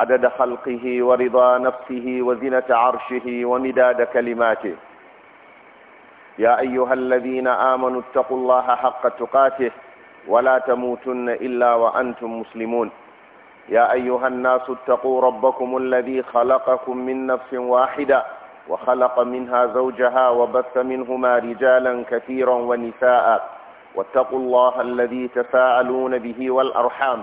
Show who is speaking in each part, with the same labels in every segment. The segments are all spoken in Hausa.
Speaker 1: عدد خلقه ورضا نفسه وزنة عرشه ومداد كلماته يا أيها الذين آمنوا اتقوا الله حق تقاته ولا تموتن إلا وأنتم مسلمون يا أيها الناس اتقوا ربكم الذي خلقكم من نفس واحدة وخلق منها زوجها وبث منهما رجالا كثيرا ونساء واتقوا الله الذي تساءلون به والأرحام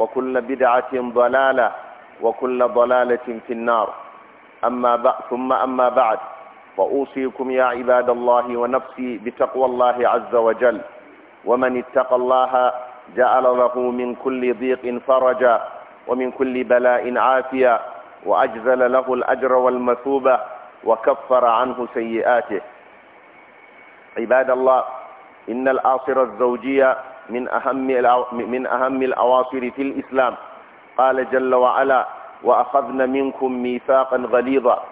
Speaker 1: وكل بدعة ضلالة وكل ضلالة في النار أما بعد ثم أما بعد فأوصيكم يا عباد الله ونفسي بتقوى الله عز وجل ومن اتقى الله جعل له من كل ضيق فرجا ومن كل بلاء عافية وأجزل له الأجر والمثوبة وكفر عنه سيئاته عباد الله إن الآصرة الزوجية من أهم من أهم الأواصر في الإسلام قال جل وعلا وأخذنا منكم ميثاقا غليظا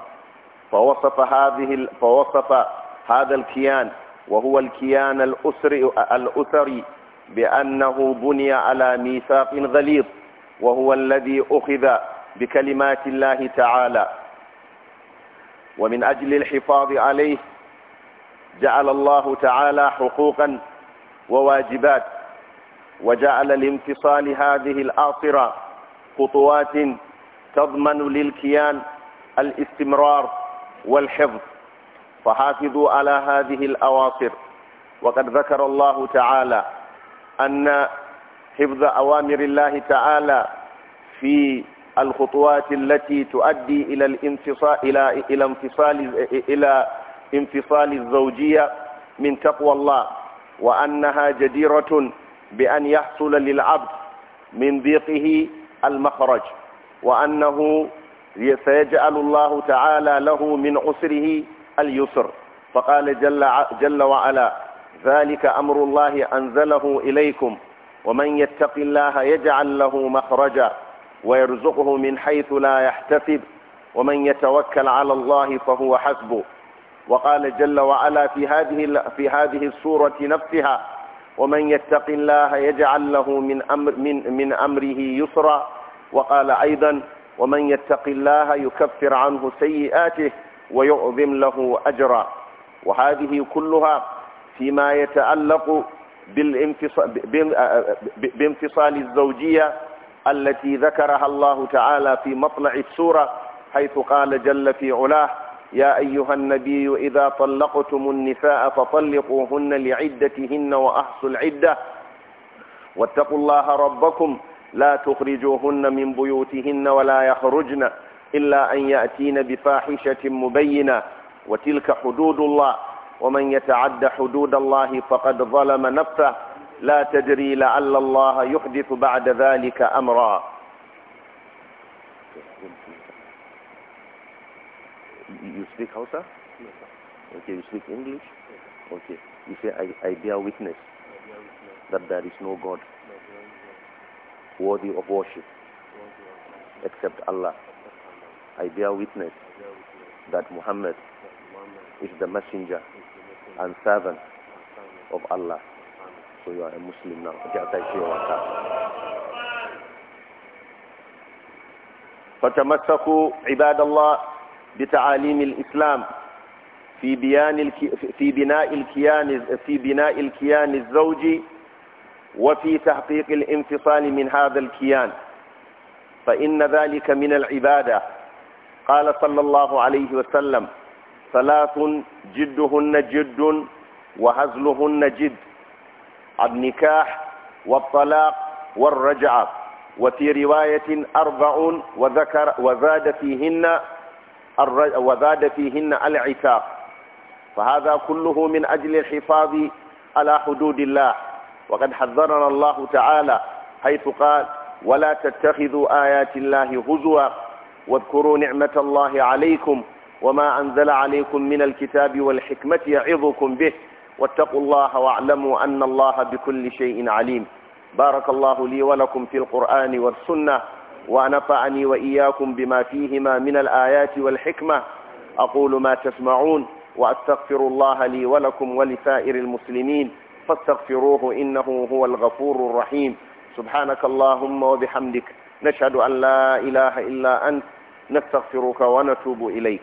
Speaker 1: فوصف هذه فوصف هذا الكيان وهو الكيان الأسري الأسري بأنه بني على ميثاق غليظ وهو الذي أخذ بكلمات الله تعالى ومن أجل الحفاظ عليه جعل الله تعالى حقوقا وواجبات وجعل لامتصال هذه الآطرة خطوات تضمن للكيان الاستمرار والحفظ فحافظوا على هذه الأواصر وقد ذكر الله تعالى أن حفظ أوامر الله تعالى في الخطوات التي تؤدي إلى الانفصال إلى إلى انفصال إلى انفصال الزوجية من تقوى الله وأنها جديرة بأن يحصل للعبد من ضيقه المخرج وأنه سيجعل الله تعالى له من عسره اليسر فقال جل, جل وعلا ذلك أمر الله أنزله إليكم ومن يتق الله يجعل له مخرجا ويرزقه من حيث لا يحتسب ومن يتوكل على الله فهو حسبه وقال جل وعلا في هذه في هذه السورة نفسها ومن يتق الله يجعل له من أمر من من أمره يسرا وقال أيضا ومن يتق الله يكفر عنه سيئاته ويعظم له أجرا وهذه كلها فيما يتعلق بانفصال الزوجية التي ذكرها الله تعالى في مطلع السورة حيث قال جل في علاه يا أيها النبي إذا طلقتم النساء فطلقوهن لعدتهن وأحصوا العدة واتقوا الله ربكم لا تخرجوهن من بيوتهن ولا يخرجن إلا أن يأتين بفاحشة مبينة وتلك حدود الله ومن يتعد حدود الله فقد ظلم نفسه لا تدري لعل الله يحدث بعد ذلك أمرا You speak Hausa? Yes, sir. Okay, you speak English? Yes, Okay. You say, I, I bear witness that there is no God worthy of worship except Allah. I bear witness that Muhammad is the messenger and servant of Allah. So you are a Muslim now. فتمسكوا عباد الله بتعاليم الإسلام في بيان في بناء الكيان في بناء الكيان الزوجي وفي تحقيق الانفصال من هذا الكيان فإن ذلك من العبادة قال صلى الله عليه وسلم ثلاث جدهن جد وهزلهن جد النكاح والطلاق والرجعة وفي رواية أربع وذكر وزاد فيهن وزاد فيهن العتاق فهذا كله من أجل الحفاظ على حدود الله وقد حذرنا الله تعالى حيث قال ولا تتخذوا آيات الله هزوا واذكروا نعمة الله عليكم وما أنزل عليكم من الكتاب والحكمة يعظكم به واتقوا الله واعلموا أن الله بكل شيء عليم بارك الله لي ولكم في القرآن والسنة ونفعني وإياكم بما فيهما من الآيات والحكمة أقول ما تسمعون وأستغفر الله لي ولكم ولسائر المسلمين فاستغفروه إنه هو الغفور الرحيم سبحانك اللهم وبحمدك نشهد أن لا إله إلا أنت نستغفرك ونتوب إليك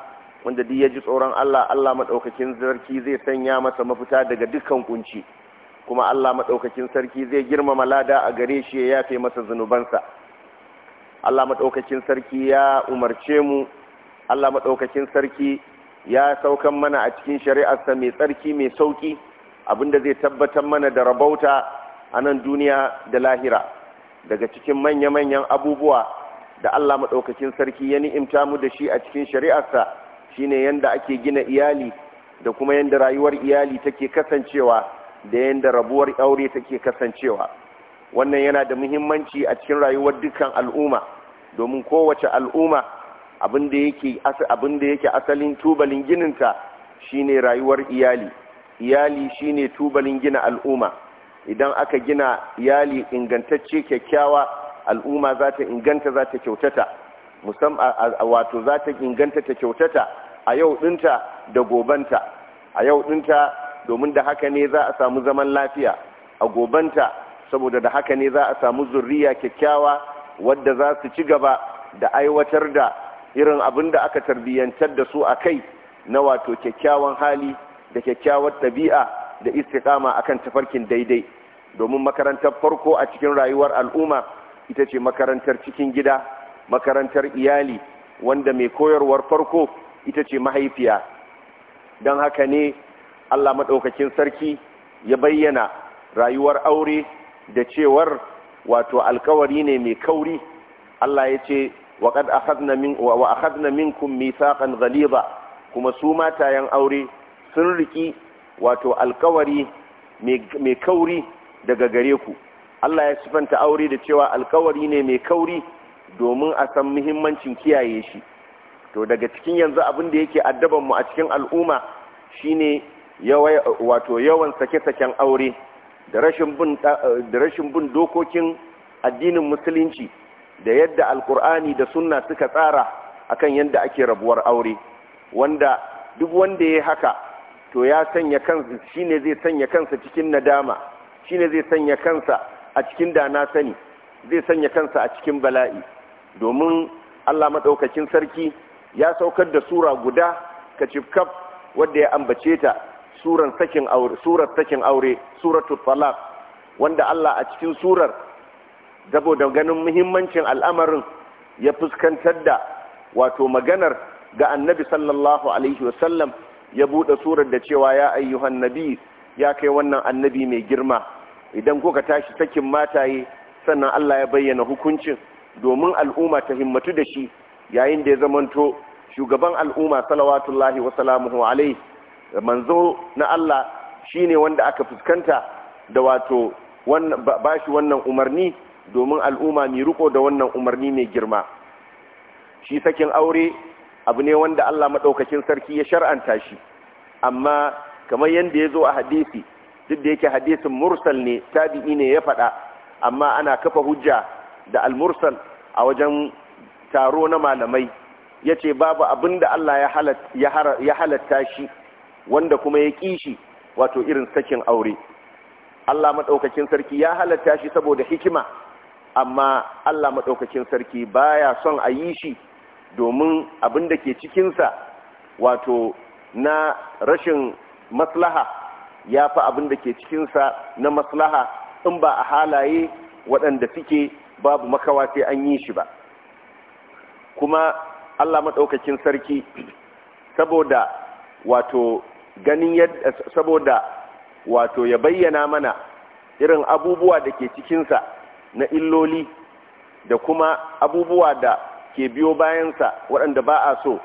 Speaker 1: wanda duk ya ji tsoron Allah Allah maɗaukakin sarki zai sanya masa mafita daga dukkan kunci kuma Allah maɗaukakin sarki zai girmama lada a gare shi ya yafe masa zunubansa Allah maɗaukakin sarki ya umarce mu Allah maɗaukakin sarki ya saukan mana a cikin shari'arsa mai tsarki mai sauƙi abinda zai tabbatar mana da rabauta a nan duniya da lahira daga cikin manya-manyan abubuwa da Allah maɗaukakin sarki ya ni'imta mu da shi a cikin shari'arsa shine yanda ake gina iyali da kuma yanda rayuwar iyali take kasancewa da yanda rabuwar aure take kasancewa wannan yana da muhimmanci a cikin rayuwar dukkan al'umma domin kowace al'umma abin da yake yake asalin tubalin gininta shine rayuwar iyali iyali shine tubalin gina al'umma idan aka gina iyali ingantacce kyakkyawa al'umma za ta inganta za ta kyautata wato za ta inganta ta kyautata a yau dinta da gobanta a yau ɗinta domin da haka ne za a samu zaman lafiya a gobanta saboda da haka ne za a samu zurriya kyakkyawa wadda za su ci gaba da aiwatar da irin abin da aka tarbiyyantar da su a kai na wato kyakkyawan hali da kyakkyawar ɗabi'a da istiƙama akan tafarkin daidai domin makarantar farko a cikin rayuwar al'umma ita ce makarantar cikin gida makarantar iyali wanda mai koyarwar farko ita ce mahaifiya don haka ne Allah maɗaukakin sarki ya bayyana rayuwar aure da cewar wato alkawari ne mai kauri Allah ya ce wa akhadna minkum mithaqan ghaliza kuma su matayen aure sun riki wato alkawari mai kauri daga gare ku Allah ya sifanta aure da cewa alkawari ne mai kauri domin a san muhimmancin kiyaye shi to daga cikin yanzu abin da yake addaban mu a cikin al'umma shine wato yawan sake-saken aure da rashin bin dokokin addinin musulunci da yadda alkur'ani da sunna suka tsara akan yadda ake rabuwar aure wanda duk wanda ya haka to ya sanya kansa shine zai sanya kansa cikin nadama shine zai sanya kansa a cikin dana sani zai sanya kansa a cikin bala'i domin Allah maɗaukakin sarki ya saukar da sura guda ka cifkaf wadda ya ambace ta surar sakin aure surar sakin wanda Allah a cikin surar da ganin muhimmancin al'amarin ya fuskantar da wato maganar ga annabi sallallahu alaihi wasallam ya buɗe surar da cewa ya ayyuhan nabi ya kai wannan annabi mai girma idan kuka tashi sakin mataye sannan Allah ya bayyana hukuncin domin al'umma ta himmatu da shi yayin da ya zamanto shugaban al'umma salawatullahi wa salamuhu alai manzo na Allah shine wanda aka fuskanta da wato bashi wannan umarni domin al'umma mai riko da wannan umarni mai girma shi sakin aure abu ne wanda Allah maɗaukacin sarki ya shar'anta shi amma kamar yadda ya zo a hadisi duk da yake hadisin mursal ne tabi'i ne ya faɗa amma ana kafa hujja da al a wajen taro na malamai ya ce babu abinda Allah ya halatta shi wanda kuma ya kishi wato irin sakin aure Allah Maɗaukakin sarki ya halatta shi saboda hikima amma Allah Maɗaukakin sarki baya son a yi shi domin abinda ke cikin wato na rashin maslaha ya fi abin da ke cikinsa na maslaha in ba a halaye waɗanda suke babu makawa sai an yi shi ba kuma Allah maɗaukakin sarki saboda wato ganin yadda saboda wato ya bayyana mana irin abubuwa da ke cikinsa na illoli da kuma abubuwa da ke biyo bayansa waɗanda ba a so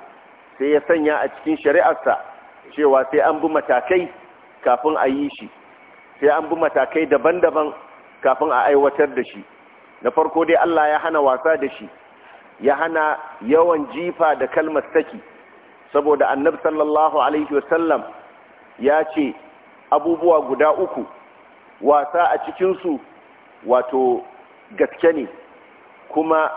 Speaker 1: sai ya sanya a cikin shari'arsa cewa sai an bi matakai kafin a yi shi sai an bi matakai daban-daban kafin a aiwatar da shi na farko dai Allah ya hana wasa da shi ya hana yawan jifa da kalmar saki saboda annabi sallallahu alaihi wasallam ya ce abubuwa guda uku wasa a cikinsu wato gaske ne kuma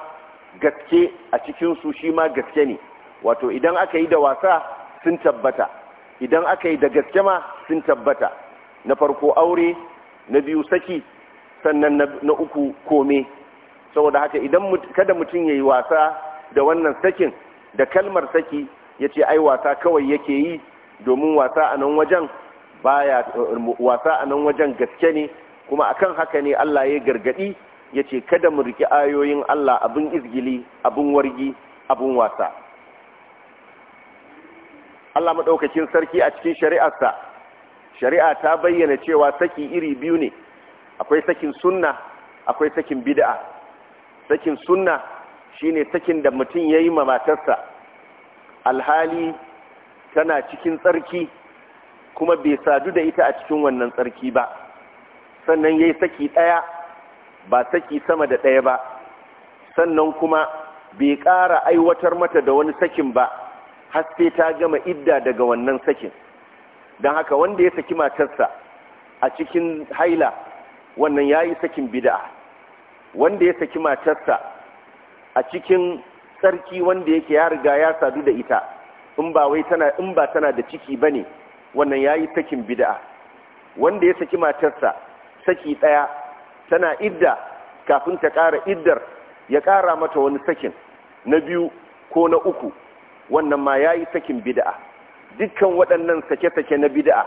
Speaker 1: gaske a cikinsu shi ma gaske ne wato idan aka yi da wasa sun tabbata idan aka yi da gaske ma sun tabbata na farko aure na biyu saki sannan na uku kome saboda haka idan kada mutum ya yi wasa da wannan sakin da kalmar saki ya ce ai wasa kawai yake yi domin wasa a nan wajen baya wasa a nan wajen gaske ne kuma akan haka ne Allah ya gargadi ya ce kada mu riki ayoyin Allah abin izgili abin wargi abin wasa Allah maɗaukakin sarki a cikin shari'arsa shari'a ta bayyana cewa saki iri biyu ne akwai sakin sunna akwai sakin bid'a sakin sunna shine sakin da mutum yayi ma matarsa alhali tana cikin tsarki kuma bai sadu da ita a cikin wannan tsarki ba sannan yayi saki daya ba saki sama da daya ba sannan kuma bai ƙara aiwatar mata da wani sakin ba har ta gama idda daga wannan sakin don haka wanda ya saki matarsa a cikin haila wannan ya yi sakin bida'a wanda ya saki matarsa a cikin tsarki wanda yake ya riga ya sadu da ita in ba wai tana in ba tana da ciki bane wannan yayi sakin bid'a wanda ya saki matarsa saki ɗaya tana idda kafin ta ƙara iddar ya ƙara mata wani sakin na biyu ko na uku wannan ma yayi sakin bid'a dukkan waɗannan sake-sake na bida'a.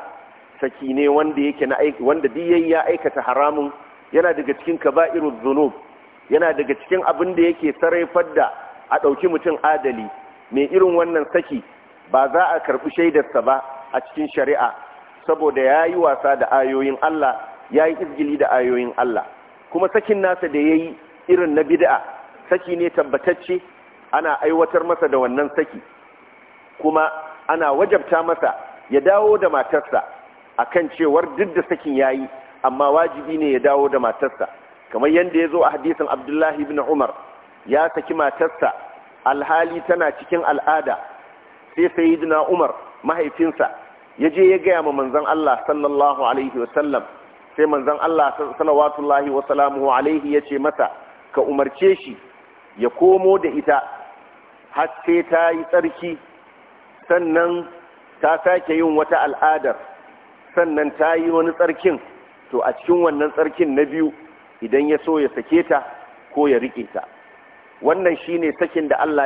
Speaker 1: saki ne wanda yake na aiki wanda duk ya aikata haramun yana daga cikin kaba'irul zunub, yana daga cikin abin da yake sarrafar da a dauki mutum adali mai irin wannan saki ba za a karbi shaidarsa ba a cikin shari'a saboda yayi wasa da ayoyin Allah yayi izgili da ayoyin Allah kuma sakin nasa da yayi irin na bid'a saki ne tabbatacce ana aiwatar masa da wannan saki kuma ana wajabta masa ya dawo da matarsa a kan cewar duk da sakin yayi amma wajibi ne ya dawo da matarsa kamar yadda ya zo a hadisin abdullahi ibn umar ya saki matarsa alhali tana cikin al'ada sai na umar mahaifinsa ya je ya gaya ma manzan Allah sallallahu alaihi wasallam sai manzan Allah salawatullahi wa alaihi ya ce mata ka umarce shi ya komo da ita har sai ta yi tsarki sannan ta sake yin wata al'adar sannan ta yi wani tsarkin to a cikin wannan tsarkin na biyu idan ya so ya sake ta ko ya riƙe ta wannan shi ne sakin da Allah